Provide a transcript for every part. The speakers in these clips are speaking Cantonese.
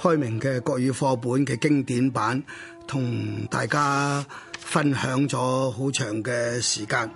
開明嘅國語課本嘅經典版，同大家分享咗好長嘅時間。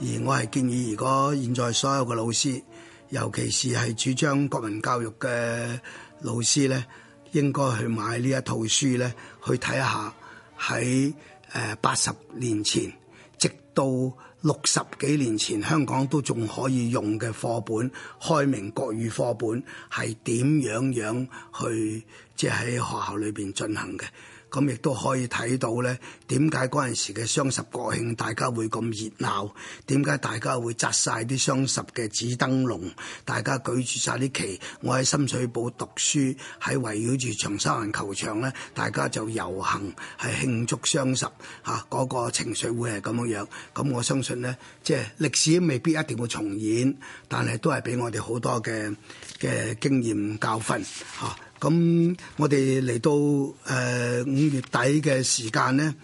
而我係建議，如果現在所有嘅老師，尤其是係主張國民教育嘅老師咧，應該去買呢一套書咧，去睇一下喺誒八十年前，直到六十幾年前，香港都仲可以用嘅課本——開明國語課本，係點樣樣去？即係喺學校裏邊進行嘅，咁亦都可以睇到咧。點解嗰陣時嘅雙十國慶大家會咁熱鬧？點解大家會紮晒啲雙十嘅紙燈籠？大家舉住晒啲旗。我喺深水埗讀書，喺圍繞住長沙灣球場咧，大家就遊行，係慶祝雙十嚇。嗰、啊那個情緒會係咁樣樣。咁、啊、我相信咧，即係歷史未必一定會重演，但係都係俾我哋好多嘅嘅經驗教訓嚇。啊。咁我哋嚟到誒五月底嘅時間咧，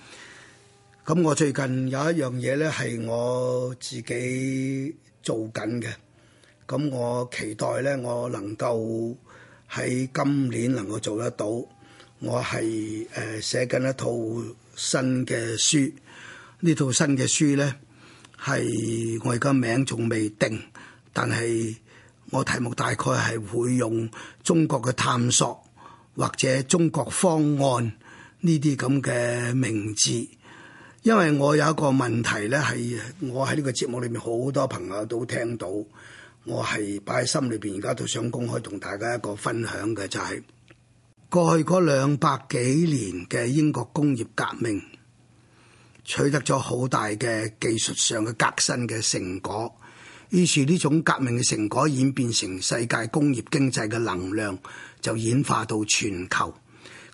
咁我最近有一樣嘢咧係我自己做緊嘅，咁我期待咧我能夠喺今年能夠做得到。我係誒寫緊一套新嘅書，呢套新嘅書咧係我而家名仲未定，但係，我題目大概係會用中國嘅探索或者中國方案呢啲咁嘅名字，因為我有一個問題呢，係我喺呢個節目裏面好多朋友都聽到，我係擺喺心裏邊，而家都想公開同大家一個分享嘅，就係過去嗰兩百幾年嘅英國工業革命取得咗好大嘅技術上嘅革新嘅成果。於是呢種革命嘅成果演變成世界工業經濟嘅能量，就演化到全球，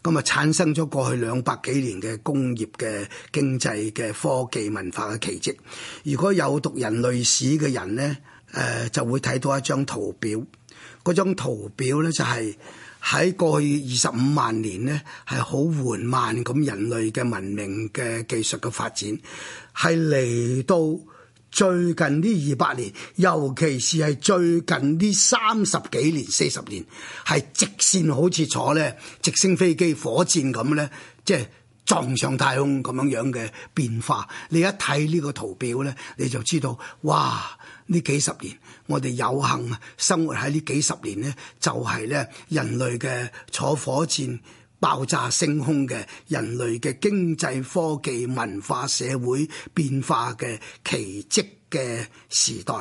咁啊產生咗過去兩百幾年嘅工業嘅經濟嘅科技文化嘅奇蹟。如果有讀人類史嘅人呢，誒就會睇到一張圖表，嗰張圖表呢，就係喺過去二十五萬年呢，係好緩慢咁人類嘅文明嘅技術嘅發展，係嚟到，最近呢二百年，尤其是係最近呢三十幾年、四十年，係直線好似坐咧直升飛機、火箭咁咧，即係撞上太空咁樣樣嘅變化。你一睇呢個圖表咧，你就知道哇！呢幾十年我哋有幸生活喺呢幾十年咧，就係咧人類嘅坐火箭。爆炸升空嘅人類嘅經濟、科技、文化、社會變化嘅奇蹟嘅時代，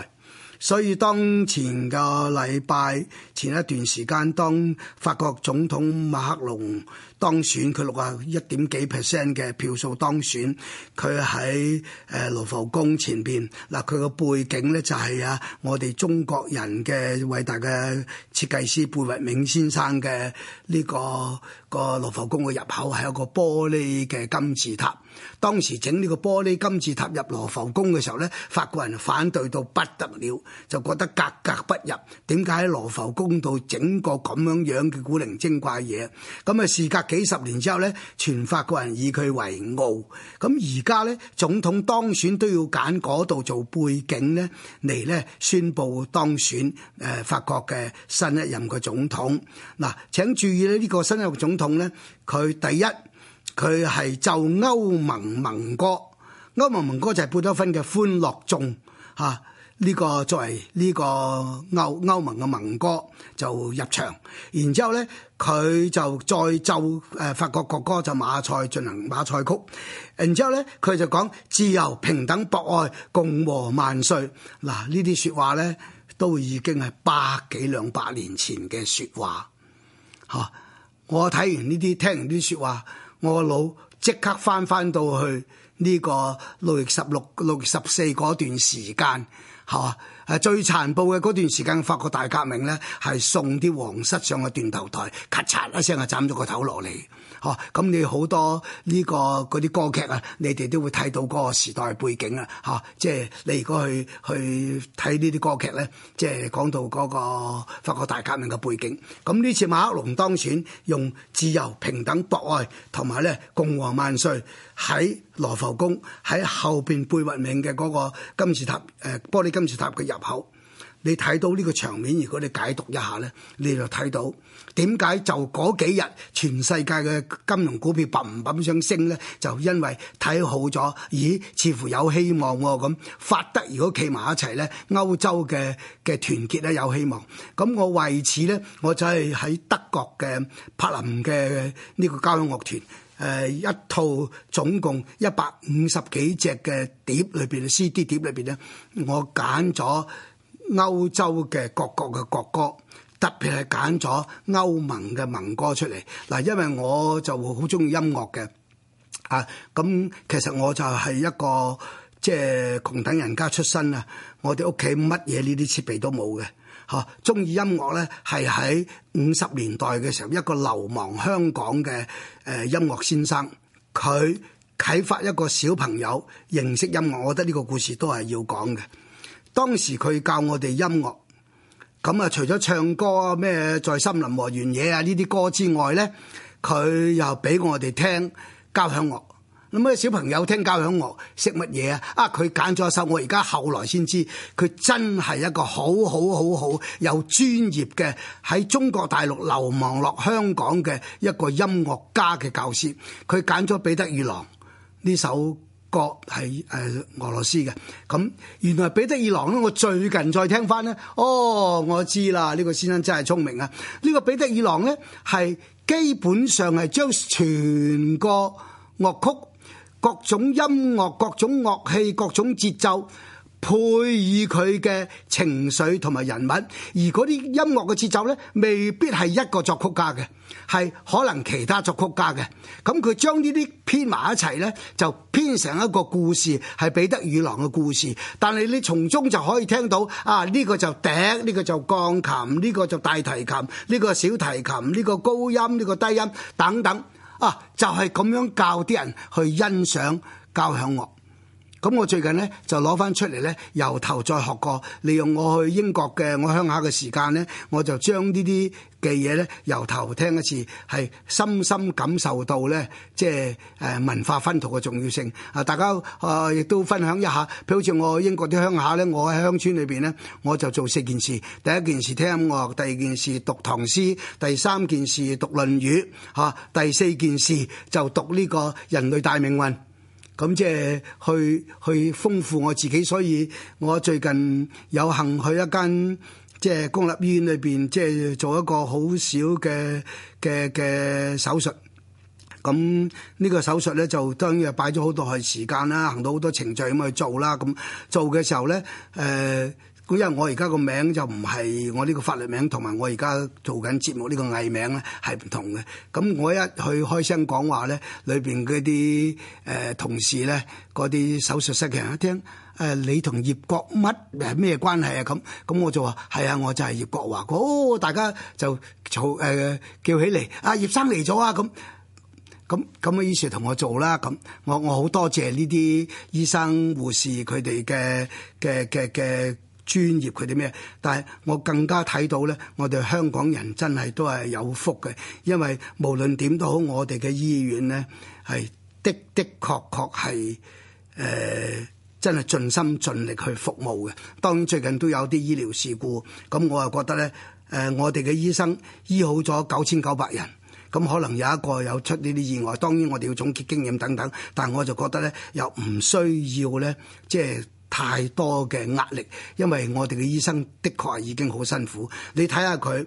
所以當前嘅禮拜前一段時間，當法國總統馬克龍，當選，佢六啊一點幾 percent 嘅票數當選。佢喺誒羅浮宮前邊嗱，佢個背景咧就係啊，我哋中國人嘅偉大嘅設計師貝聿銘先生嘅呢、這個、這個羅浮宮嘅入口係有個玻璃嘅金字塔。當時整呢個玻璃金字塔入羅浮宮嘅時候咧，法國人反對到不得了，就覺得格格不入，點解喺羅浮宮度整個咁樣樣嘅古靈精怪嘢？咁啊，事隔幾十年之後咧，全法國人以佢為傲。咁而家咧，總統當選都要揀嗰度做背景咧，嚟咧宣布當選誒法國嘅新一任嘅總統。嗱，請注意咧，呢、這個新一任總統咧，佢第一佢係奏歐盟盟歌，歐盟盟歌就係貝多芬嘅《歡樂頌》啊。呢個作為呢個歐歐盟嘅盟歌就入場，然之後呢，佢就再奏誒法國國歌就馬賽進行馬賽曲，然之後呢，佢就講自由平等博愛共和萬歲嗱呢啲説話呢都已經係百幾兩百年前嘅説話嚇。我睇完呢啲聽完啲説話，我個腦即刻翻翻到去呢個六月十六六月十四嗰段時間。吓誒、啊、最殘暴嘅嗰段時間，法國大革命咧，係送啲皇室上個斷頭台，咔嚓一聲啊，斬咗個頭落嚟。咁、啊、你好多呢、呢個嗰啲歌劇啊，你哋都會睇到嗰個時代背景啊，吓、啊，即係你如果去去睇呢啲歌劇咧，即係講到嗰個法國大革命嘅背景。咁呢次馬克龍當選用自由、平等、博愛同埋咧共和萬歲，喺羅浮宮，喺後邊貝聿銘嘅嗰個金字塔誒、呃、玻璃金字塔嘅入口。你睇到呢個場面，如果你解讀一下咧，你就睇到點解就嗰幾日全世界嘅金融股票砰砰上升咧，就因為睇好咗，咦？似乎有希望喎、哦、咁。法德如果企埋一齊咧，歐洲嘅嘅團結咧有希望。咁我為此咧，我就係喺德國嘅柏林嘅呢個交響樂團，誒一套總共一百五十幾隻嘅碟裏邊，CD 碟裏邊咧，我揀咗。歐洲嘅各國嘅國歌，特別係揀咗歐盟嘅盟歌出嚟。嗱，因為我就好中意音樂嘅，啊，咁其實我就係一個即係窮等人家出身啊。我哋屋企乜嘢呢啲設備都冇嘅，嚇。中意音樂咧，係喺五十年代嘅時候，一個流亡香港嘅誒音樂先生，佢啟發一個小朋友認識音樂。我覺得呢個故事都係要講嘅。當時佢教我哋音樂，咁啊除咗唱歌咩，在森林和原野啊，呢啲歌之外呢，佢又俾我哋聽交響樂。咁啊小朋友聽交響樂識乜嘢啊？啊佢揀咗首我而家後來先知，佢真係一個好好好好有專業嘅喺中國大陸流亡落香港嘅一個音樂家嘅教師。佢揀咗彼得與狼呢首。個係誒俄羅斯嘅，咁原來彼得與狼呢，我最近再聽翻呢。哦，我知啦，呢個先生真係聰明啊！呢個彼得與狼呢，係基本上係將全個樂曲、各種音樂、各種樂器、各種節奏。配以佢嘅情緒同埋人物，而啲音樂嘅節奏咧，未必係一個作曲家嘅，係可能其他作曲家嘅。咁佢將呢啲編埋一齊咧，就編成一個故事，係彼得與狼嘅故事。但係你從中就可以聽到啊，呢個就笛，呢個就鋼琴，呢個就大提琴，呢個小提琴，呢個高音，呢個低音等等。啊，就係咁樣教啲人去欣賞交響樂。咁我最近呢，就攞翻出嚟呢，由頭再學過。利用我去英國嘅我鄉下嘅時間呢，我就將呢啲嘅嘢呢，由頭聽一次，係深深感受到呢，即係誒、呃、文化熏陶嘅重要性。啊，大家誒、呃、亦都分享一下，譬如好似我去英國啲鄉下呢，我喺鄉村裏邊呢，我就做四件事。第一件事聽音樂，第二件事讀唐詩，第三件事讀論語，嚇、啊，第四件事就讀呢個人類大命運。咁即係去去豐富我自己，所以我最近有幸去一間即係公立醫院裏邊，即係做一個好少嘅嘅嘅手術。咁呢個手術咧就當然係擺咗好多係時間啦，行到好多程序咁去做啦。咁做嘅時候咧，誒。因為我而家個名就唔係我呢個法律名，同埋我而家做緊節目呢個藝名咧係唔同嘅。咁我一去開聲講話咧，裏邊嗰啲誒同事咧，嗰啲手術室嘅人一聽誒、呃，你同葉國乜係咩關係啊？咁咁我就話係啊，我就係葉國華。好、哦，大家就嘈誒、呃、叫起嚟，阿葉生嚟咗啊！咁咁咁嘅意思同我做啦。咁我我好多謝呢啲醫生、護士佢哋嘅嘅嘅嘅。專業佢啲咩？但係我更加睇到呢，我哋香港人真係都係有福嘅，因為無論點都好，我哋嘅醫院呢，係的的確確係誒、呃、真係盡心盡力去服務嘅。當然最近都有啲醫療事故，咁我又覺得呢，誒、呃，我哋嘅醫生醫好咗九千九百人，咁可能有一個有出呢啲意外。當然我哋要總結經驗等等，但係我就覺得呢，又唔需要呢，即係太多嘅壓力，因為我哋嘅醫生的確已經好辛苦，你睇下佢。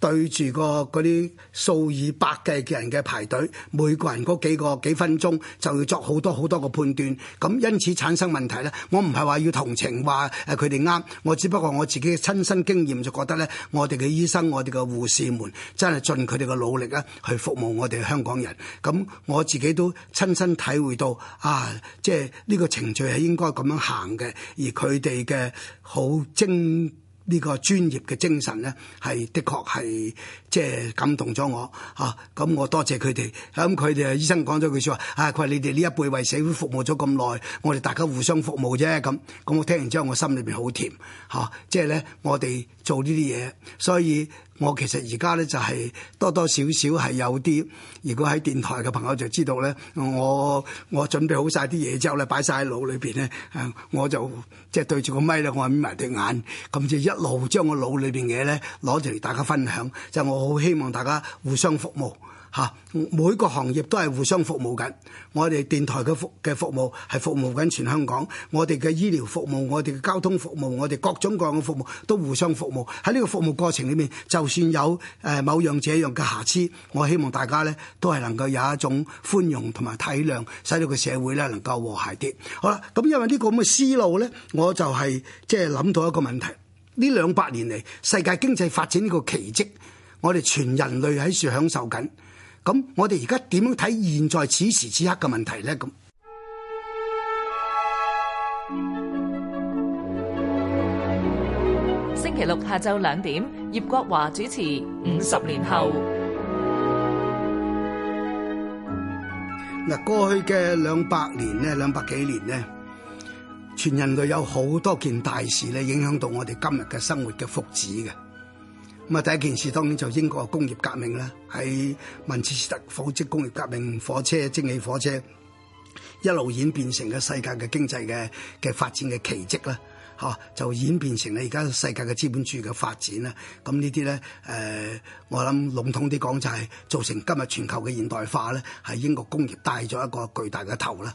對住個嗰啲數以百計嘅人嘅排隊，每個人嗰幾個幾分鐘就要作好多好多個判斷，咁因此產生問題呢，我唔係話要同情話誒佢哋啱，我只不過我自己嘅親身經驗就覺得呢，我哋嘅醫生、我哋嘅護士們真係盡佢哋嘅努力啊，去服務我哋香港人。咁我自己都親身體會到啊，即係呢個程序係應該咁樣行嘅，而佢哋嘅好精。呢個專業嘅精神咧，係的確係即係感動咗我嚇，咁我多謝佢哋。咁佢哋啊，醫生講咗句說話，啊，佢話你哋呢一輩為社會服務咗咁耐，我哋大家互相服務啫。咁，咁我聽完之後，我心裏邊好甜嚇，即係咧，我哋做呢啲嘢，所以。我其實而家咧就係、是、多多少少係有啲，如果喺電台嘅朋友就知道咧，我我準備好晒啲嘢之後咧，擺晒喺腦裏邊咧，我就即係、就是、對住個咪咧，我眯埋對眼，咁就一路將我腦裏邊嘢咧攞出嚟大家分享，就是、我好希望大家互相服務。啊！每個行業都係互相服務緊。我哋電台嘅服嘅服務係服務緊全香港。我哋嘅醫療服務、我哋嘅交通服務、我哋各種各樣嘅服務都互相服務。喺呢個服務過程裏面，就算有誒某樣這樣嘅瑕疵，我希望大家呢都係能夠有一種寬容同埋體諒，使到個社會呢能夠和諧啲。好啦，咁因為呢個咁嘅思路呢，我就係即係諗到一個問題：呢兩百年嚟，世界經濟發展呢個奇蹟，我哋全人類喺度享受緊。咁，我哋而家點樣睇現在此時此刻嘅問題咧？咁，星期六下晝兩點，葉國華主持《五十年後》。嗱，過去嘅兩百年咧，兩百幾年咧，全人類有好多件大事咧，影響到我哋今日嘅生活嘅福祉嘅。咁啊，第一件事當然就英國嘅工業革命啦，喺曼徹斯特紡織工業革命、火車、蒸汽火車，一路演變成咗世界嘅經濟嘅嘅發展嘅奇蹟啦，嚇、啊、就演變成你而家世界嘅資本主義嘅發展啦。咁、啊、呢啲咧，誒、呃，我諗籠統啲講就係造成今日全球嘅現代化咧，係英國工業帶咗一個巨大嘅頭啦。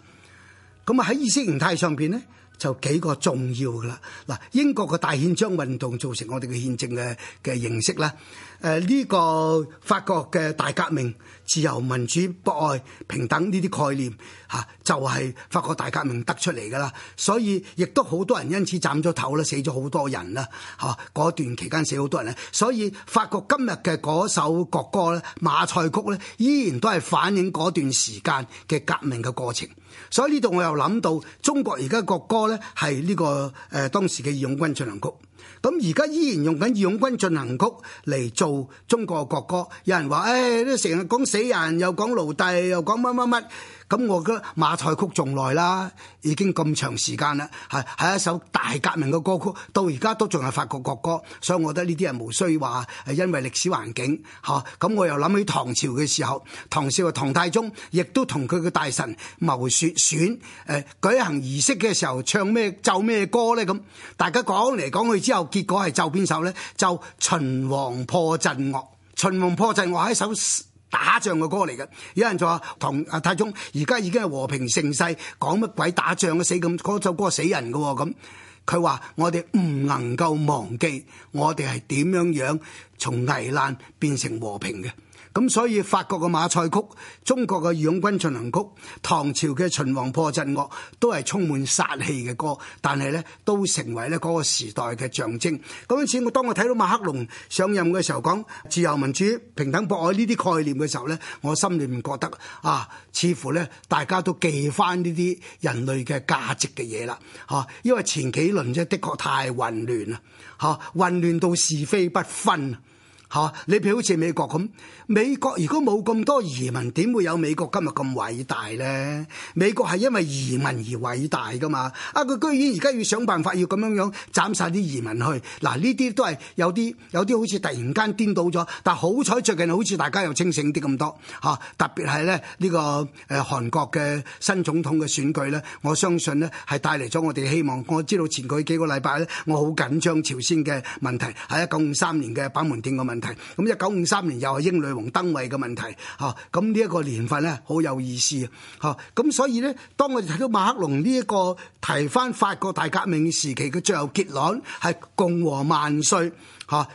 咁啊，喺意識形態上邊咧？就幾個重要噶啦，嗱，英國嘅大憲章運動造成我哋嘅憲政嘅嘅認識啦。誒呢、呃這個法國嘅大革命，自由、民主、博愛、平等呢啲概念嚇、啊，就係、是、法國大革命得出嚟噶啦。所以亦都好多人因此斬咗頭啦，死咗好多人啦，嚇、啊、嗰段期間死好多人咧。所以法國今日嘅嗰首國歌咧，《馬賽曲》咧，依然都係反映嗰段時間嘅革命嘅過程。所以呢度我又諗到，中國而家國歌咧係呢、這個誒、呃、當時嘅義勇軍進行曲。咁而家依然用緊義勇軍進行曲嚟做中國嘅國歌，有人話，誒、哎，都成日講死人，又講奴隸，又講乜乜乜。咁我覺得馬賽曲仲耐啦，已經咁長時間啦，係係一首大革命嘅歌曲，到而家都仲係法國國歌，所以我覺得呢啲人無需話，誒，因為歷史環境吓，咁我又諗起唐朝嘅時候，唐朝唐太宗亦都同佢嘅大臣謀說選誒舉行儀式嘅時候唱咩奏咩歌咧？咁大家講嚟講去之就結果係就邊首咧？就《秦王破陣樂》。《秦王破陣樂》係一首打仗嘅歌嚟嘅。有人就話唐啊太宗，而家已經係和平盛世，講乜鬼打仗嘅死咁？嗰首歌死人嘅咁。佢話我哋唔能夠忘記，我哋係點樣樣從危難變成和平嘅。咁所以法國嘅馬賽曲、中國嘅義勇軍進行曲、唐朝嘅秦王破陣樂，都係充滿殺氣嘅歌，但係咧都成為咧嗰個時代嘅象徵。咁因此我當我睇到馬克龍上任嘅時候講自由民主、平等博愛呢啲概念嘅時候咧，我心裏面覺得啊，似乎咧大家都記翻呢啲人類嘅價值嘅嘢啦，嚇、啊，因為前幾輪啫，的確太混亂啦，嚇、啊，混亂到是非不分。嚇、啊！你譬如好似美國咁，美國如果冇咁多移民，點會有美國今日咁偉大咧？美國係因為移民而偉大噶嘛？啊！佢居然而家要想辦法要咁樣樣斬晒啲移民去，嗱呢啲都係有啲有啲好似突然間顛倒咗。但好彩最近好似大家又清醒啲咁多嚇、啊，特別係咧呢個誒韓國嘅新總統嘅選舉咧，我相信咧係帶嚟咗我哋希望。我知道前佢幾個禮拜咧，我好緊張朝鮮嘅問題，係一九五三年嘅板門店嘅問題。咁一九五三年又係英女王登位嘅問題，吓，咁呢一個年份咧，好有意思啊吓，咁所以咧，當我哋睇到馬克龍呢一個提翻法國大革命時期嘅最後結論，係共和萬歲。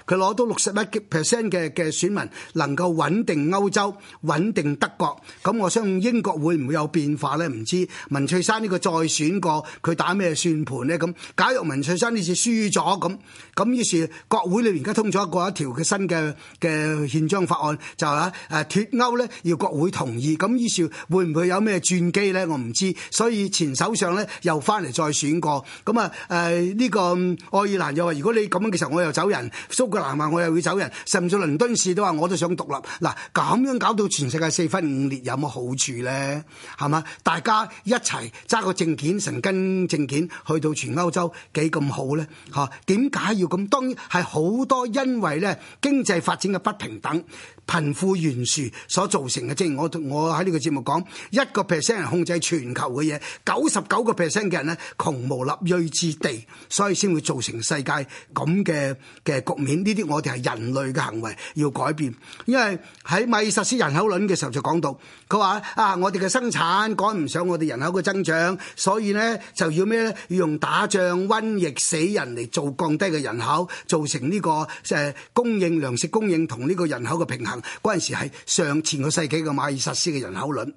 佢攞到六十一 percent 嘅嘅選民，能夠穩定歐洲、穩定德國，咁我相信英國會唔會有變化呢？唔知文翠珊呢個再選過佢打咩算盤呢？咁假若文翠珊呢次輸咗咁，咁於是國會裏面而家通咗一個一條嘅新嘅嘅憲章法案，就係話誒脫歐呢要國會同意，咁於是會唔會有咩轉機呢？我唔知，所以前首相呢又翻嚟再選過，咁啊誒呢個愛爾蘭又話如果你咁樣嘅時候，我又走人。蘇格蘭話我又會走人，甚至倫敦市都話我都想獨立。嗱咁樣搞到全世界四分五裂，有乜好處咧？係嘛？大家一齊揸個證件、申根證件去到全歐洲幾咁好咧？嚇點解要咁？當然係好多因為咧經濟發展嘅不平等、貧富懸殊所造成嘅。即係我我喺呢個節目講，一個 percent 人控制全球嘅嘢，九十九個 percent 嘅人咧窮無立錐之地，所以先會造成世界咁嘅嘅局面呢啲我哋係人類嘅行為要改變，因為喺馬爾薩斯人口論嘅時候就講到，佢話啊，我哋嘅生產趕唔上我哋人口嘅增長，所以咧就要咩咧，要用打仗、瘟疫死人嚟做降低嘅人口，造成呢個誒供應糧食供應同呢個人口嘅平衡。嗰陣時係上前個世紀嘅馬爾薩斯嘅人口論。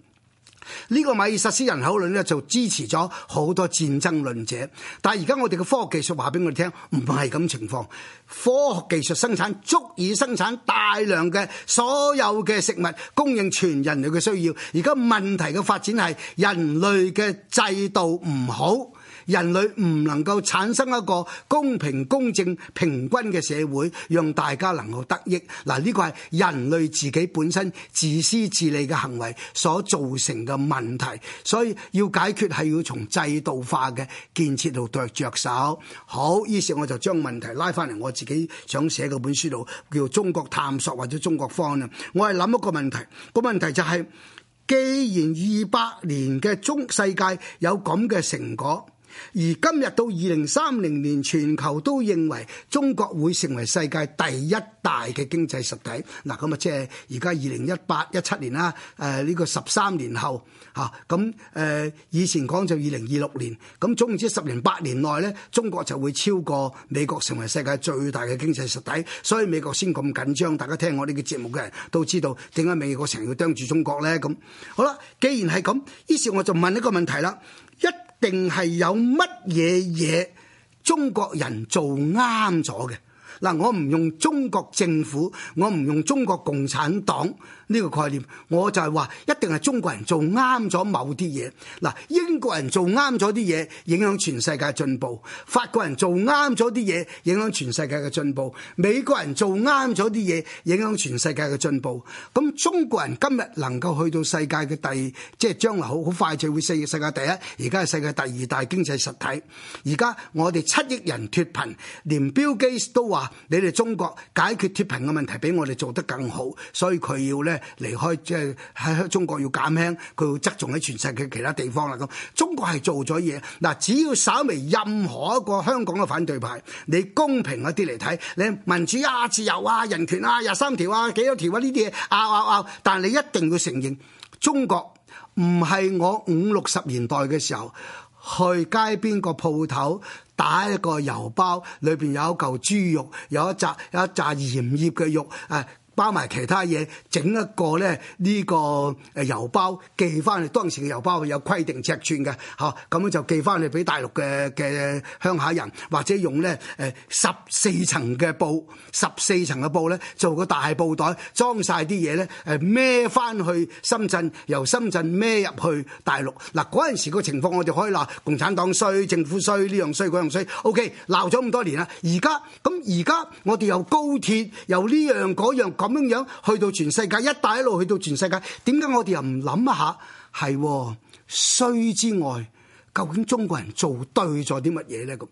呢個米爾實施人口論咧，就支持咗好多戰爭論者。但係而家我哋嘅科學技術話俾我哋聽，唔係咁情況。科學技術生產足以生產大量嘅所有嘅食物，供應全人類嘅需要。而家問題嘅發展係人類嘅制度唔好。人類唔能夠產生一個公平、公正、平均嘅社會，讓大家能夠得益。嗱，呢個係人類自己本身自私自利嘅行為所造成嘅問題，所以要解決係要從制度化嘅建設度着手。好，於是我就將問題拉翻嚟，我自己想寫嗰本書度叫《中國探索》或者《中國方案》。我係諗一個問題，個問題就係，既然二百年嘅中世界有咁嘅成果。而今日到二零三零年，全球都認為中國會成為世界第一大嘅經濟實體。嗱，咁啊即係而家二零一八一七年啦，誒、呃、呢、這個十三年後吓，咁、啊、誒、呃、以前講就二零二六年，咁總言之，十年八年內呢，中國就會超過美國成為世界最大嘅經濟實體。所以美國先咁緊張，大家聽我呢個節目嘅人都知道，點解美國成日要盯住中國呢。咁好啦，既然係咁，於是我就問一個問題啦，一。定係有乜嘢嘢中國人做啱咗嘅嗱？我唔用中國政府，我唔用中國共產黨。呢個概念，我就係話一定係中國人做啱咗某啲嘢。嗱，英國人做啱咗啲嘢，影響全世界進步；法國人做啱咗啲嘢，影響全世界嘅進步；美國人做啱咗啲嘢，影響全世界嘅進步。咁中國人今日能夠去到世界嘅第，即係將來好好快就會成為世界第一。而家係世界第二大經濟實體，而家我哋七億人脫貧，連 Bill Gates 都話你哋中國解決脫貧嘅問題比我哋做得更好，所以佢要咧。離開即係喺中國要減輕，佢會側重喺全世界其他地方啦。咁中國係做咗嘢嗱，只要稍微任何一個香港嘅反對派，你公平一啲嚟睇，你民主啊、自由啊、人權啊、廿三條啊、幾多條啊，呢啲嘢拗拗拗，但係你一定要承認，中國唔係我五六十年代嘅時候去街邊個鋪頭打一個油包，裏邊有嚿豬肉，有一紮有一紮鹽醃嘅肉誒。啊包埋其他嘢，整一個咧呢個誒郵包寄翻去，當時嘅郵包有規定尺寸嘅，吓，咁樣就寄翻去俾大陸嘅嘅鄉下人，或者用咧誒十四層嘅布，十四層嘅布咧做個大布袋，裝晒啲嘢咧誒孭翻去深圳，由深圳孭入去大陸嗱，陣時個情況，我哋可以鬧共產黨衰政府衰呢樣衰嗰樣衰。O K. 鬧咗咁多年啦，而家咁而家我哋有高鐵由呢、這個、樣嗰樣咁。咁樣樣去到全世界，一帶一路去到全世界，點解我哋又唔諗一下？係衰之外，究竟中國人做對咗啲乜嘢呢？咁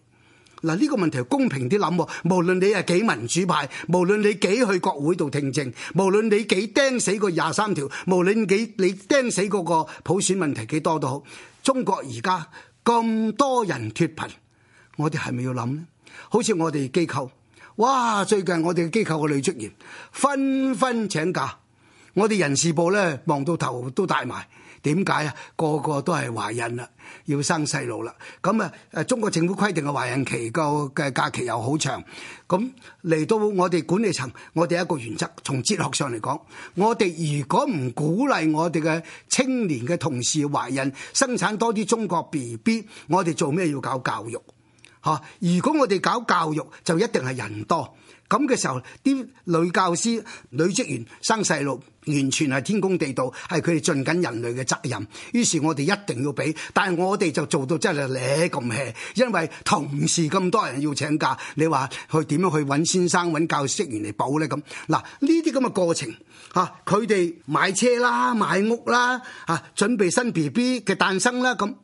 嗱，呢個問題公平啲諗，無論你係幾民主派，無論你幾去國會度聽證，無論你幾釘死個廿三條，無論幾你釘死嗰個普選問題幾多都好，中國而家咁多人脫貧，我哋係咪要諗呢？好似我哋機構。哇！最近我哋機構嘅女職員紛紛請假，我哋人事部咧忙到頭都大埋。點解啊？個個都係懷孕啦，要生細路啦。咁啊，誒，中國政府規定嘅懷孕期個嘅假期又好長。咁嚟到我哋管理層，我哋一個原則，從哲學上嚟講，我哋如果唔鼓勵我哋嘅青年嘅同事懷孕，生產多啲中國 BB，我哋做咩要搞教育？嚇！如果我哋搞教育，就一定係人多咁嘅時候，啲女教師、女職員生細路，完全係天公地道，係佢哋盡緊人類嘅責任。於是，我哋一定要俾，但係我哋就做到真係咧咁 hea，因為同時咁多人要請假，你話去點樣去揾先生揾教職員嚟補咧？咁嗱，呢啲咁嘅過程嚇，佢哋、啊、買車啦、買屋啦嚇、啊，準備新 B B 嘅誕生啦，咁呢、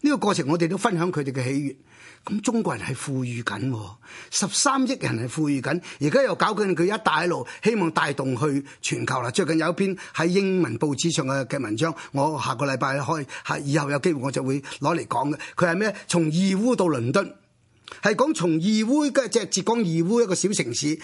呢個過程我哋都分享佢哋嘅喜悅。咁中國人係富裕緊，十三億人係富裕緊，而家又搞緊佢一帶一路，希望帶動去全球啦。最近有一篇喺英文報紙上嘅嘅文章，我下個禮拜開，係以後有機會我就會攞嚟講嘅。佢係咩？從義烏到倫敦，係講從義烏嘅即係浙江義烏一個小城市。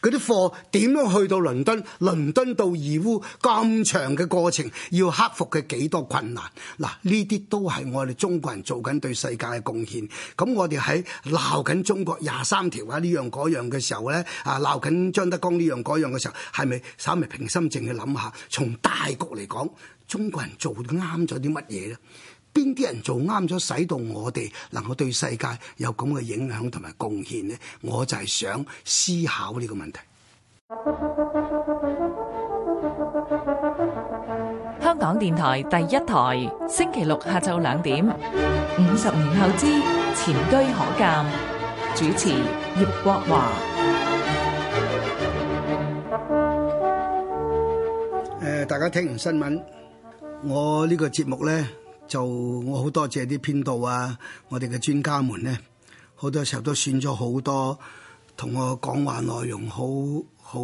嗰啲貨點樣去到倫敦？倫敦到義烏咁長嘅過程，要克服嘅幾多困難？嗱，呢啲都係我哋中國人做緊對世界嘅貢獻。咁我哋喺鬧緊中國廿三條啊呢樣嗰樣嘅時候咧，啊鬧緊張德江呢樣嗰樣嘅時候，係咪稍微平心靜氣諗下，從大局嚟講，中國人做啱咗啲乜嘢咧？邊啲人做啱咗，使到我哋能夠對世界有咁嘅影響同埋貢獻呢？我就係想思考呢個問題。香港電台第一台，星期六下晝兩點，五十年後之前車可鑑，主持葉國華。誒，大家聽完新聞，我呢個節目咧。就我好多謝啲編導啊，我哋嘅專家們咧，好多時候都選咗好多同我講話內容好好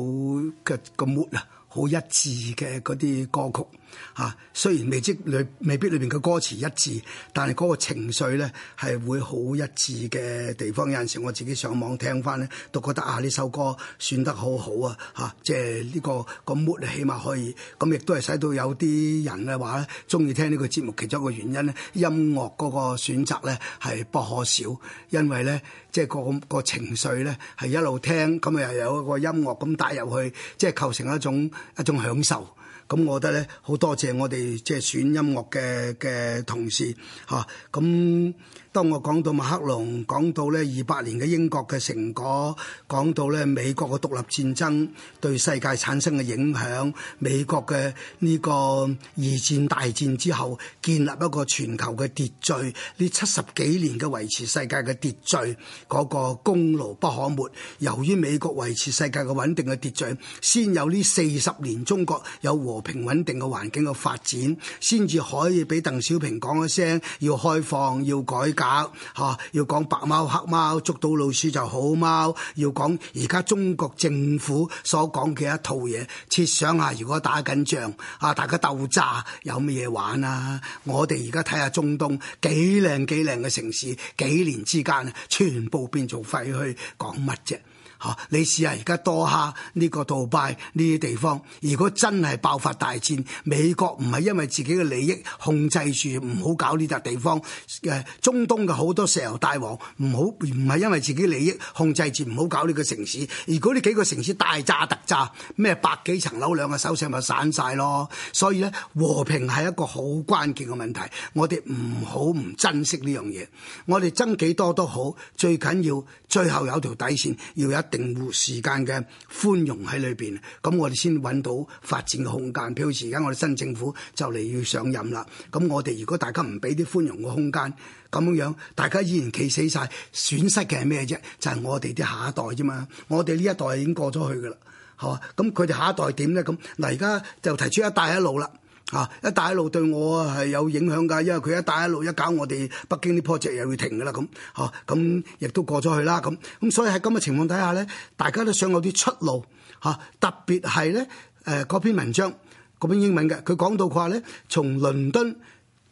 嘅個 mood 啊，好一致嘅啲歌曲。嚇，雖然未知裏未必裏面嘅歌詞一致，但係嗰個情緒咧係會好一致嘅地方。有陣時我自己上網聽翻咧，都覺得啊呢首歌選得好好啊！嚇、啊，即係呢、呢個個 mood 起碼可以，咁亦都係使到有啲人嘅話中意聽呢個節目，其中一個原因咧，音樂嗰個選擇咧係不可少，因為咧即係、嗰個、嗰個情緒咧係一路聽，咁又有一個音樂咁帶入去，即係構成一種一種享受。咁我覺得咧，好多謝我哋即係選音樂嘅嘅同事吓。咁。當我講到馬克龍，講到咧二百年嘅英國嘅成果，講到咧美國嘅獨立戰爭對世界產生嘅影響，美國嘅呢個二戰大戰之後建立一個全球嘅秩序，呢七十幾年嘅維持世界嘅秩序嗰個功勞不可沒。由於美國維持世界嘅穩定嘅秩序，先有呢四十年中國有和平穩定嘅環境嘅發展，先至可以俾鄧小平講一聲要開放、要改革。吓、啊，要講白貓黑貓，捉到老鼠就好貓。要講而家中國政府所講嘅一套嘢，設想下，如果打緊仗，啊，大家鬥炸有乜嘢玩啊？我哋而家睇下中東幾靚幾靚嘅城市，幾年之間全部變做廢墟，講乜啫？啊、你試下而家多哈呢個杜拜呢啲、這個、地方，如果真係爆發大戰，美國唔係因為自己嘅利益控制住唔好搞呢笪地方嘅、呃、中東嘅好多石油大王唔好唔係因為自己利益控制住唔好搞呢個城市。如果呢幾個城市大炸特炸，咩百幾層樓兩個手勢咪散晒咯。所以咧，和平係一個好關鍵嘅問題，我哋唔好唔珍惜呢樣嘢。我哋爭幾多都好，最緊要最後有條底線，要有。定活時間嘅寬容喺裏邊，咁我哋先揾到發展嘅空間。譬如而家我哋新政府就嚟要上任啦，咁我哋如果大家唔俾啲寬容嘅空間，咁樣樣大家依然企死晒，損失嘅係咩啫？就係我哋啲下一代啫嘛。我哋呢一代已經過咗去噶啦，係嘛？咁佢哋下一代點咧？咁嗱，而家就提出一帶一路啦。啊！一帶一路對我係有影響㗎，因為佢一帶一路一搞我，我哋北京啲 project 又會停㗎啦咁。嚇，咁亦都過咗去啦咁。咁所以喺咁嘅情況底下咧，大家都想有啲出路嚇。特別係咧誒嗰篇文章，嗰篇英文嘅，佢講到話咧，「從倫敦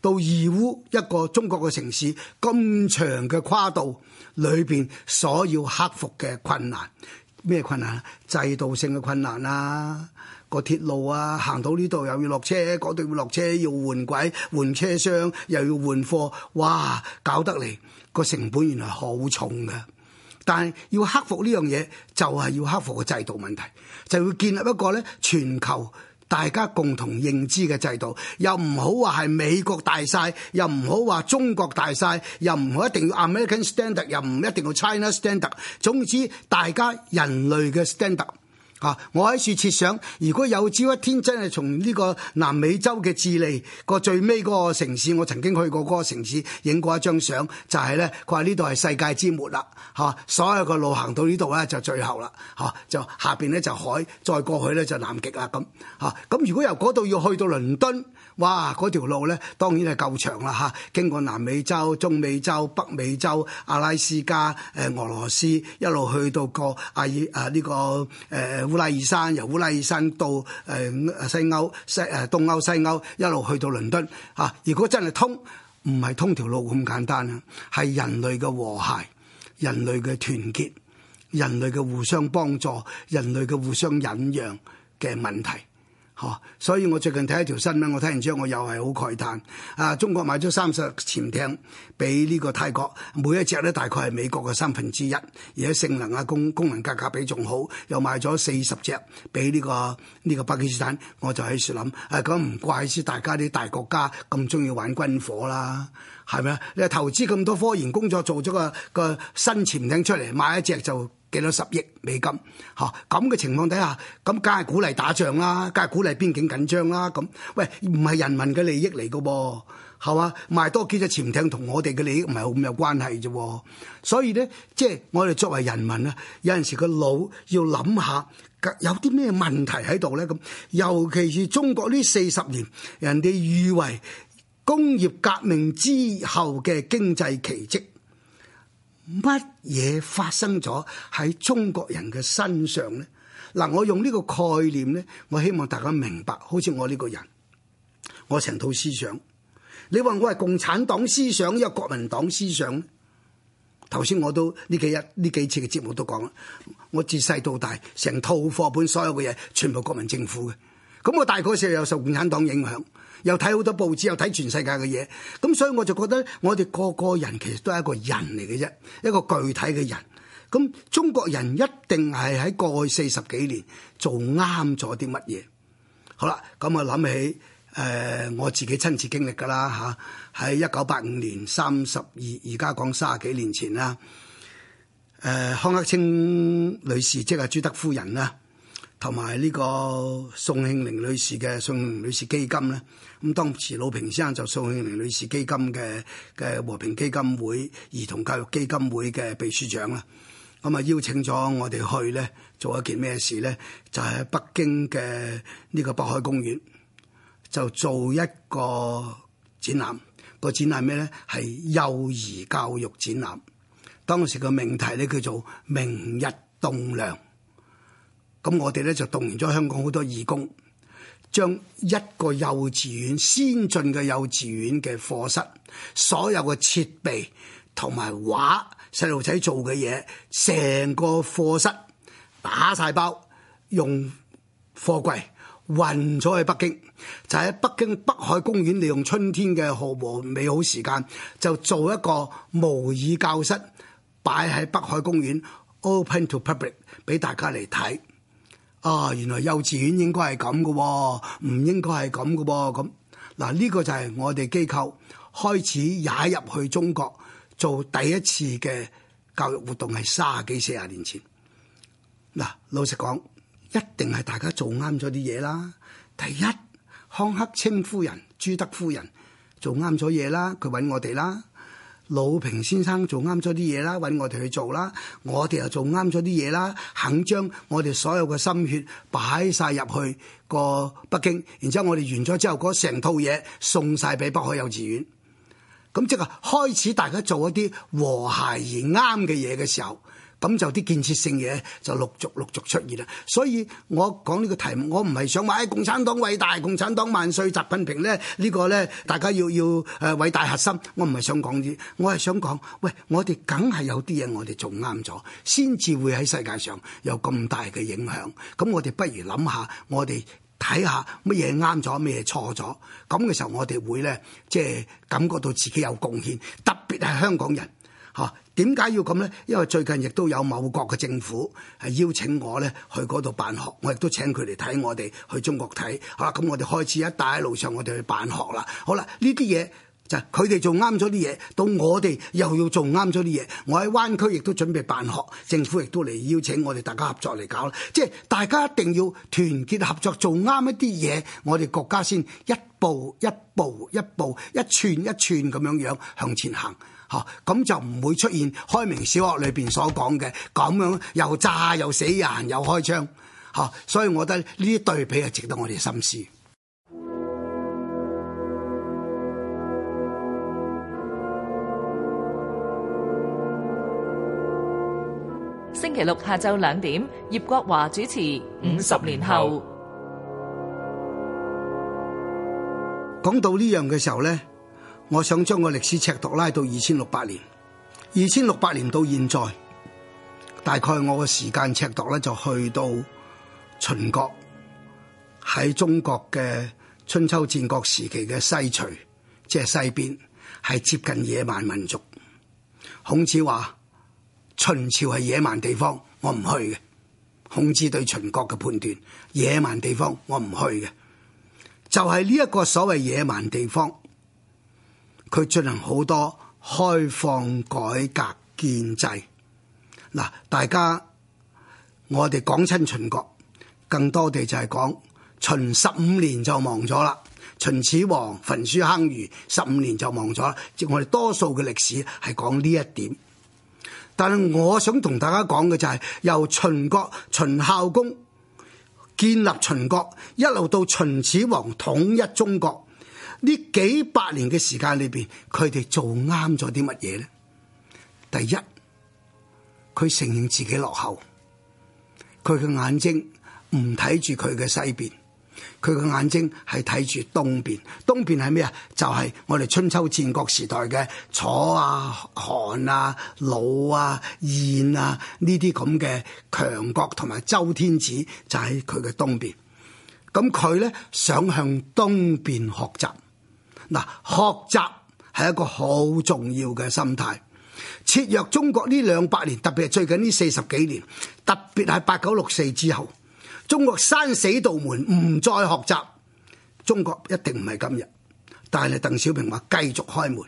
到義烏，一個中國嘅城市，咁長嘅跨度裏邊所要克服嘅困難，咩困難？制度性嘅困難啊。」個鐵路啊，行到呢度又要落車，嗰度要落車，要換軌、換車廂，又要換貨，哇！搞得嚟個成本原來好重嘅，但係要克服呢樣嘢，就係要克服個制度問題，就要建立一個咧全球大家共同認知嘅制度，又唔好話係美國大晒，又唔好話中國大晒，又唔好一定要 American standard，又唔一定要 China standard，總之大家人類嘅 standard。啊！我喺處設想，如果有朝一天真係從呢個南美洲嘅智利個最尾嗰個城市，我曾經去過嗰個城市影過一張相，就係呢。佢話呢度係世界之末啦，嚇！所有個路行到呢度呢，就最後啦，嚇！就下邊呢，就海，再過去呢，就南極啦咁，嚇！咁、啊、如果由嗰度要去到倫敦。哇！嗰條路咧，當然係夠長啦嚇、啊，經過南美洲、中美洲、北美洲、阿拉斯加、誒俄羅斯，一路去到過、啊這個亞爾啊呢個誒烏拉爾山，由烏拉爾山到誒西歐、西誒、呃、東歐、西歐，一路去到倫敦嚇、啊。如果真係通，唔係通條路咁簡單啊，係人類嘅和諧、人類嘅團結、人類嘅互相幫助、人類嘅互相忍讓嘅問題。哦、所以，我最近睇一條新聞，我睇完之後，我又係好慨嘆。啊，中國買咗三十潛艇俾呢個泰國，每一隻咧大概係美國嘅三分之一，而且性能啊、功功能、價格比仲好，又買咗四十隻俾呢個呢個巴基斯坦。我就喺度諗，啊，咁唔怪之，大家啲大國家咁中意玩軍火啦，係咪啊？你投資咁多科研工作，做咗個個新潛艇出嚟，買一隻就～幾多十億美金？嚇咁嘅情況底下，咁梗係鼓勵打仗啦，梗係鼓勵邊境緊張啦。咁喂，唔係人民嘅利益嚟嘅噃，係嘛？賣多幾隻潛艇同我哋嘅利益唔係好有關係啫。所以咧，即係我哋作為人民咧，有陣時個腦要諗下，有啲咩問題喺度咧？咁尤其是中國呢四十年，人哋譽為工業革命之後嘅經濟奇蹟。乜嘢發生咗喺中國人嘅身上咧？嗱，我用呢個概念咧，我希望大家明白。好似我呢個人，我成套思想，你話我係共產黨思想，因為國民黨思想。頭先我都呢幾日呢幾次嘅節目都講啦，我自細到大成套課本，所有嘅嘢全部國民政府嘅。咁我大個時又受共產黨影響，又睇好多報紙，又睇全世界嘅嘢，咁所以我就覺得我哋個個人其實都係一個人嚟嘅啫，一個具體嘅人。咁中國人一定係喺過去四十幾年做啱咗啲乜嘢？好啦，咁我諗起誒、呃，我自己親自經歷噶啦吓，喺一九八五年 32, 三十二，而家講三十幾年前啦。誒、呃，康克清女士即係朱德夫人啦。同埋呢個宋慶齡女士嘅宋慶齡女士基金咧，咁當時魯平先生就宋慶齡女士基金嘅嘅和平基金會兒童教育基金會嘅秘書長啦，咁啊邀請咗我哋去咧做一件咩事咧？就係喺北京嘅呢個北海公園，就做一個展覽。個展覽咩咧？係幼兒教育展覽。當時個命題咧叫做明日棟梁。咁我哋咧就動員咗香港好多義工，將一個幼稚園先進嘅幼稚園嘅課室，所有嘅設備同埋畫細路仔做嘅嘢，成個課室打晒包，用貨櫃運咗去北京，就喺北京北海公園利用春天嘅河和美好時間就做一個模擬教室擺喺北海公園 open to public 俾大家嚟睇。啊、哦！原來幼稚園應該係咁嘅喎，唔應該係咁嘅喎。咁嗱，呢、呢個就係我哋機構開始引入去中國做第一次嘅教育活動係卅幾四十年前。嗱，老實講，一定係大家做啱咗啲嘢啦。第一，康克清夫人、朱德夫人做啱咗嘢啦，佢搵我哋啦。老平先生做啱咗啲嘢啦，揾我哋去做啦，我哋又做啱咗啲嘢啦，肯將我哋所有嘅心血擺晒入去個北京，然之後，我哋完咗之後嗰成套嘢送晒俾北海幼稚園，咁即係開始大家做一啲和諧而啱嘅嘢嘅時候。咁就啲建設性嘢就陸續陸續出現啦，所以我講呢個題目，我唔係想話，哎，共產黨偉大，共產黨萬歲，習近平咧，這個、呢個咧，大家要要誒、呃、偉大核心，我唔係想講啲，我係想講，喂，我哋梗係有啲嘢我哋做啱咗，先至會喺世界上有咁大嘅影響。咁我哋不如諗下，我哋睇下乜嘢啱咗，乜嘢錯咗。咁嘅時候，我哋會咧，即係感覺到自己有貢獻，特別係香港人。嚇點解要咁呢？因為最近亦都有某國嘅政府係邀請我呢去嗰度辦學，我亦都請佢嚟睇我哋去中國睇。好，咁我哋開始一帶一路上我哋去辦學啦。好啦，呢啲嘢就佢哋做啱咗啲嘢，到我哋又要做啱咗啲嘢。我喺灣區亦都準備辦學，政府亦都嚟邀請我哋大家合作嚟搞。即係大家一定要團結合作做啱一啲嘢，我哋國家先一步一步一步一寸一寸咁樣樣向前行。咁、哦、就唔會出現開明小學裏邊所講嘅咁樣又炸又死人又開槍，嚇、哦！所以我覺得呢啲對比係值得我哋深思。星期六下晝兩點，葉國華主持《五十年後》。講到呢樣嘅時候咧。我想將個歷史尺度拉到二千六百年，二千六百年到現在，大概我個時間尺度咧就去到秦國。喺中國嘅春秋戰國時期嘅西陲，即係西邊係接近野蠻民族。孔子話秦朝係野蠻地方，我唔去嘅。孔子對秦國嘅判斷，野蠻地方我唔去嘅，就係呢一個所謂野蠻地方。佢進行好多開放改革建制，嗱，大家我哋講親秦國，更多地就係講秦十五年就亡咗啦。秦始皇焚書坑儒，十五年就亡咗。即我哋多數嘅歷史係講呢一點，但係我想同大家講嘅就係、是、由秦國秦孝公建立秦國一路到秦始皇統一中國，呢幾百年嘅時間裏邊，佢哋做啱咗啲乜嘢咧？第一，佢承認自己落後，佢嘅眼睛唔睇住佢嘅西邊，佢嘅眼睛係睇住東邊。東邊係咩啊？就係我哋春秋戰國時代嘅楚啊、韓啊、魯啊、燕啊呢啲咁嘅強國，同埋周天子就喺佢嘅東邊。咁佢咧想向東邊學習。嗱，學習係一個好重要嘅心態。切若中國呢兩百年，特別係最近呢四十幾年，特別係八九六四之後，中國閂死道門，唔再學習，中國一定唔係今日。但係鄧小平話繼續開門，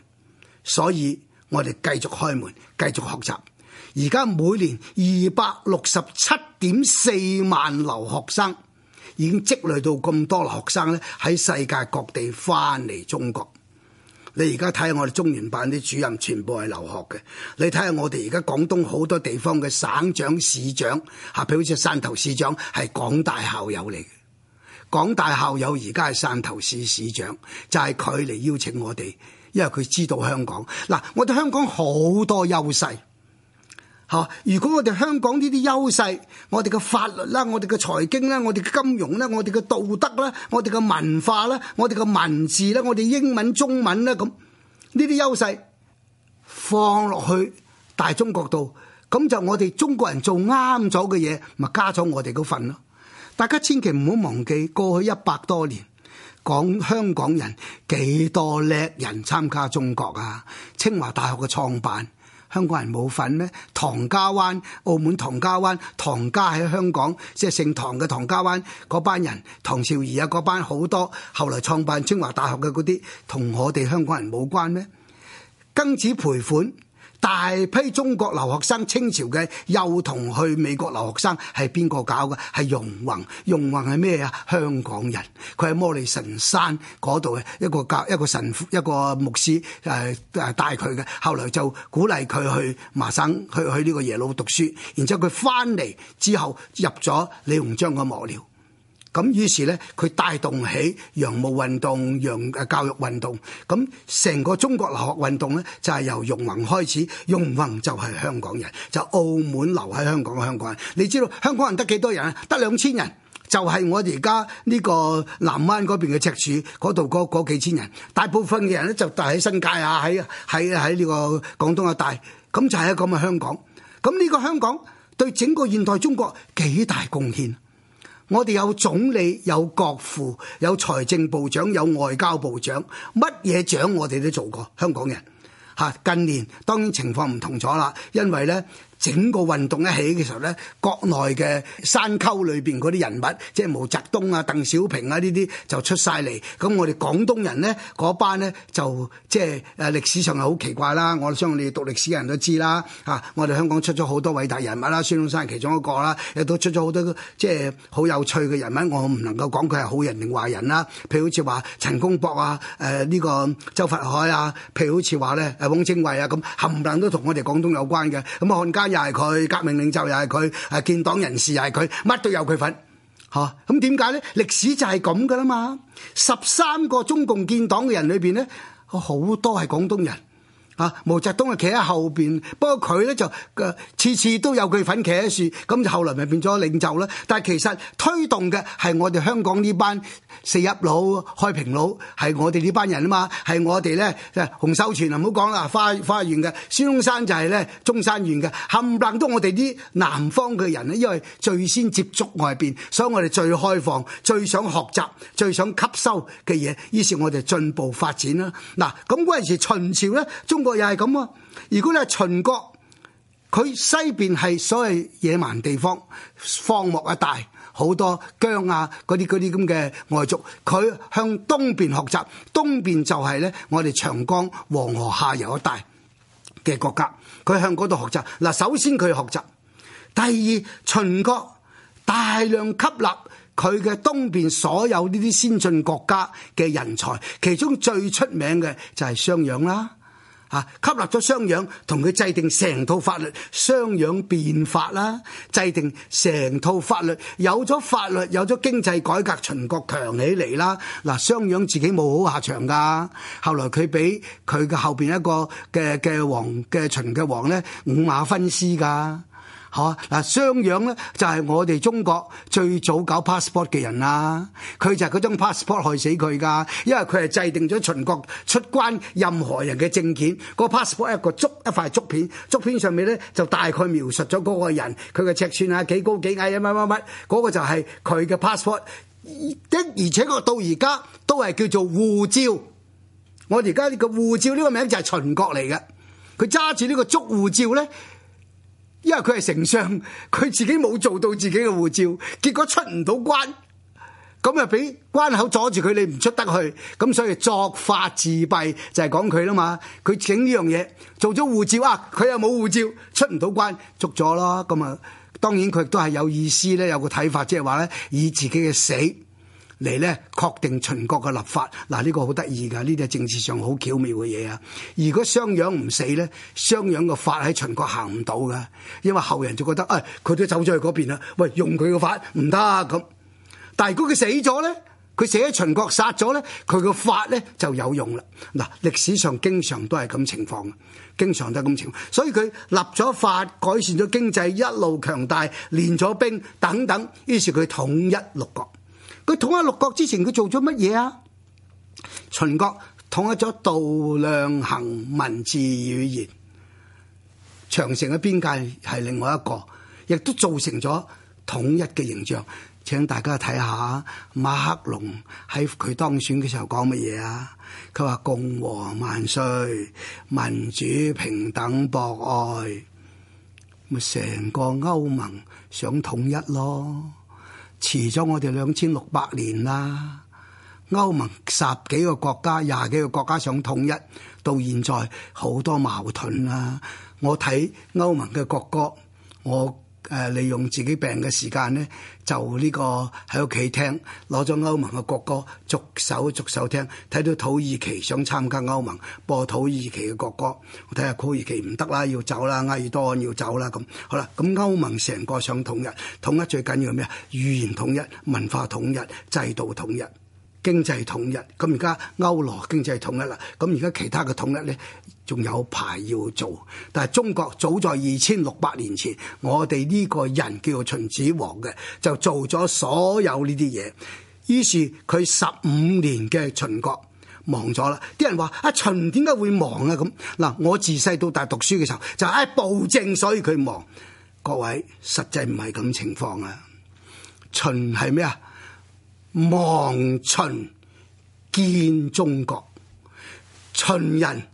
所以我哋繼續開門，繼續學習。而家每年二百六十七點四萬留學生。已經積累到咁多學生咧，喺世界各地翻嚟中國。你而家睇下我哋中聯辦啲主任全部係留學嘅，你睇下我哋而家廣東好多地方嘅省長、市長，譬如好似汕頭市長係廣大校友嚟嘅。廣大校友而家係汕頭市市長，就係佢嚟邀請我哋，因為佢知道香港。嗱，我哋香港好多優勢。嚇！如果我哋香港呢啲優勢，我哋嘅法律啦，我哋嘅財經啦，我哋嘅金融啦，我哋嘅道德啦，我哋嘅文化啦，我哋嘅文字啦，我哋英文中文啦，咁呢啲優勢放落去大中國度，咁就我哋中國人做啱咗嘅嘢，咪加咗我哋嗰份咯。大家千祈唔好忘記，過去一百多年，講香港人幾多叻人參加中國啊？清華大學嘅創辦。香港人冇份咩？唐家灣、澳門唐家灣、唐家喺香港，即係姓唐嘅唐家灣嗰班人，唐紹儀啊嗰班好多，後來創辦清華大學嘅嗰啲，同我哋香港人冇關咩？庚子賠款。大批中國留學生，清朝嘅幼童去美國留學生係邊個搞嘅？係容宏，容宏係咩啊？香港人，佢喺摩利神山嗰度嘅一個教一個神一個牧師，誒誒、呃、帶佢嘅，後來就鼓勵佢去麻省去去呢個耶魯讀書，然之後佢翻嚟之後入咗李鴻章個幕僚。咁於是咧，佢帶動起洋務運動、洋誒教育運動，咁成個中國留學運動咧，就係由容閎開始。容閎就係香港人，就澳門留喺香港嘅香港人。你知道香港人得幾多人啊？得兩千人，就係我哋而家呢個南灣嗰邊嘅赤柱嗰度嗰嗰幾千人。大部分嘅人咧就喺新界啊，喺喺喺呢個廣東一帶，咁就係一個咁嘅香港。咁呢個香港對整個現代中國幾大貢獻？我哋有總理，有國父、有財政部長，有外交部長，乜嘢長我哋都做過。香港人，嚇近年當然情況唔同咗啦，因為呢。整個運動一起嘅時候咧，國內嘅山溝裏邊啲人物，即係毛澤東啊、鄧小平啊呢啲就出晒嚟。咁我哋廣東人咧，班咧就即係誒歷史上係好奇怪啦。我相信你讀歷史嘅人都知啦。吓、啊、我哋香港出咗好多偉大人物啦，孫中山其中一個啦，亦都出咗好多即係好有趣嘅人物。我唔能夠講佢係好人定壞人啦。譬如好似話陳公博啊、誒、呃、呢、這個周佛海啊，譬如好似話咧誒汪精衛啊咁，冚唪唥都同我哋廣東有關嘅。咁啊，漢奸。又係佢革命領袖，又係佢啊建黨人士，又係佢，乜都有佢份，吓，咁點解咧？歷史就係咁噶啦嘛！十三個中共建黨嘅人裏邊咧，好多係廣東人。啊，毛澤東啊企喺後邊，不過佢咧就次次都有佢份企喺樹，咁就後來咪變咗領袖啦。但係其實推動嘅係我哋香港呢班四邑佬、開平佬，係我哋呢班人啊嘛，係我哋咧，洪秀全啊唔好講啦，花花園嘅孫中山就係咧中山縣嘅，冚唪唥都我哋啲南方嘅人咧，因為最先接觸外邊，所以我哋最開放、最想學習，最想吸收嘅嘢，於是我哋進步發展啦。嗱，咁陣時秦朝咧中國又係咁啊，如果你係秦國，佢西邊係所謂野蠻地方，荒漠一大，好多疆，啊嗰啲啲咁嘅外族，佢向東邊學習，東邊就係咧我哋長江黃河下游一帶嘅國家，佢向嗰度學習。嗱，首先佢學習，第二秦國大量吸納佢嘅東邊所有呢啲先進國家嘅人才，其中最出名嘅就係商鞅啦。啊！吸納咗商鞅，同佢制定成套法律，商鞅變法啦，制定成套法律，有咗法律，有咗經濟改革，秦國強起嚟啦。嗱，商鞅自己冇好下場㗎，後來佢俾佢嘅後邊一個嘅嘅王嘅秦嘅王咧，五馬分屍㗎。嗱，商鞅、啊、呢就係、是、我哋中國最早搞 passport 嘅人啦。佢就係嗰張 passport 害死佢噶，因為佢係制定咗秦國出關任何人嘅證件。個 passport 一個竹，一塊竹片，竹片上面呢就大概描述咗嗰個人佢嘅尺寸啊，幾高幾矮啊，乜乜乜，嗰個就係佢嘅 passport。的 pass port，而且確到而家都係叫做護照。我哋而家呢個護照呢個名就係秦國嚟嘅。佢揸住呢個竹護照呢。因為佢係丞相，佢自己冇做到自己嘅護照，結果出唔到關，咁啊俾關口阻住佢，你唔出得去，咁所以作法自斃就係講佢啦嘛。佢整呢樣嘢，做咗護照啊，佢又冇護照，出唔到關，捉咗咯。咁啊，當然佢都係有意思咧，有個睇法，即係話咧，以自己嘅死。嚟呢確定秦國嘅立法，嗱呢、呢個好得意噶，呢啲係政治上好巧妙嘅嘢啊！如果商鞅唔死呢，商鞅個法喺秦國行唔到噶，因為後人就覺得啊，佢、哎、都走咗去嗰邊啦，喂，用佢個法唔得咁。但係如果佢死咗呢，佢死喺秦國殺咗呢，佢個法呢就有用啦。嗱，歷史上經常都係咁情況，經常都係咁情況，所以佢立咗法，改善咗經濟，一路強大，練咗兵等等，於是佢統一六國。佢統一六國之前，佢做咗乜嘢啊？秦國統一咗度量衡、文字語言、長城嘅邊界係另外一個，亦都造成咗統一嘅形象。請大家睇下馬克龍喺佢當選嘅時候講乜嘢啊？佢話共和萬歲、民主平等博愛，咪成個歐盟想統一咯。遲咗我哋兩千六百年啦，歐盟十幾個國家，廿幾個國家想統一，到現在好多矛盾啦。我睇歐盟嘅國歌，我。誒利用自己病嘅時間咧，就呢、這個喺屋企聽攞咗歐盟嘅國歌，逐首逐首聽，睇到土耳其想參加歐盟，播土耳其嘅國歌，我睇下土耳其唔得啦，要走啦，埃爾多安要走啦咁。好啦，咁、嗯、歐盟成個想統一，統一最緊要係咩啊？語言統一、文化統一、制度統一、經濟統一。咁而家歐羅經濟統一啦，咁而家其他嘅統一咧。仲有排要做，但係中國早在二千六百年前，我哋呢個人叫秦始皇嘅就做咗所有呢啲嘢，於是佢十五年嘅秦國亡咗啦。啲人話：阿、啊、秦點解會亡啊？咁嗱，我自細到大讀書嘅時候就係、哎、暴政，所以佢亡。各位實際唔係咁情況啊。秦係咩啊？亡秦兼中國，秦人。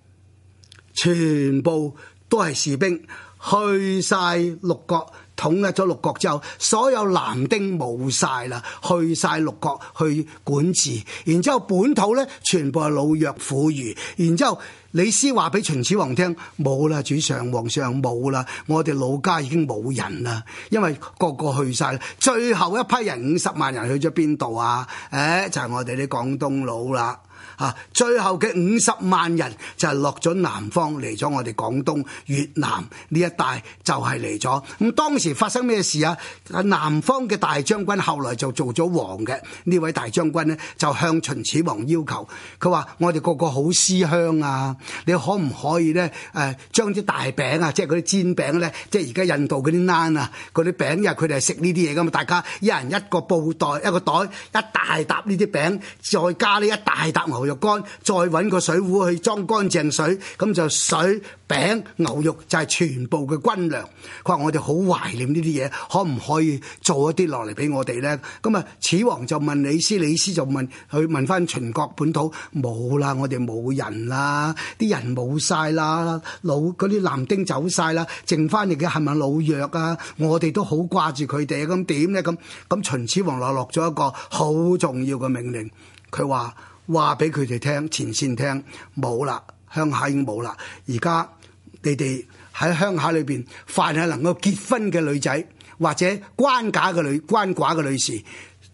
全部都係士兵，去晒六國，統一咗六國之後，所有男丁冇晒啦，去晒六國去管治，然之後本土呢，全部係老弱婦孺，然之後李斯話俾秦始皇聽冇啦，主上皇上冇啦，我哋老家已經冇人啦，因為個個去晒，最後一批人五十萬人去咗邊度啊？誒、哎，就係、是、我哋啲廣東佬啦。啊！最後嘅五十萬人就落咗南方嚟咗我哋廣東、越南呢一帶，就係嚟咗。咁當時發生咩事啊？啊！南方嘅大將軍後來就做咗王嘅。呢位大將軍呢就向秦始皇要求，佢話：我哋個個好思鄉啊！你可唔可以呢誒將啲大餅啊，即係嗰啲煎餅呢，即係而家印度嗰啲饢啊，嗰啲餅，因為佢哋係食呢啲嘢噶嘛，大家一人一個布袋，一個袋一大沓呢啲餅，再加呢一大沓。牛肉乾，再揾個水壺去裝乾淨水，咁就水餅牛肉就係全部嘅軍糧。佢話：我哋好懷念呢啲嘢，可唔可以做一啲落嚟俾我哋呢？咁啊，始皇就問李斯，李斯就問佢問翻秦國本土冇啦，我哋冇人啦，啲人冇晒啦，老嗰啲藍丁走晒啦，剩翻嚟嘅係咪老弱啊？我哋都好掛住佢哋啊！咁點呢？咁咁秦始皇落落咗一個好重要嘅命令，佢話。話俾佢哋聽，前線聽冇啦，鄉下已經冇啦。而家你哋喺鄉下裏邊，凡係能夠結婚嘅女仔，或者關嫁嘅女、關寡嘅女士，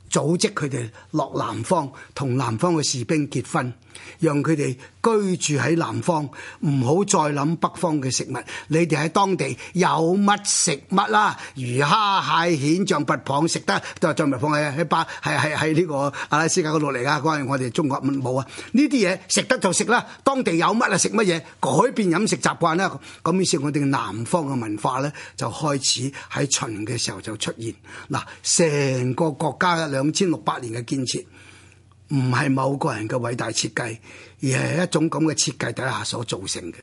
組織佢哋落南方，同南方嘅士兵結婚，讓佢哋。居住喺南方，唔好再諗北方嘅食物。你哋喺當地有乜食乜啦？魚蝦蟹蜆象拔蚌食得，就再唔放喺喺白，係係係呢個阿拉斯加嗰度嚟噶。嗰、啊、係我哋中國冇啊。呢啲嘢食得就食啦。當地有乜啊？食乜嘢？改變飲食習慣啦。咁、啊、於是我哋南方嘅文化咧，就開始喺秦嘅時候就出現。嗱、啊，成個國家嘅兩千六百年嘅建設。唔係某個人嘅偉大設計，而係一種咁嘅設計底下所造成嘅。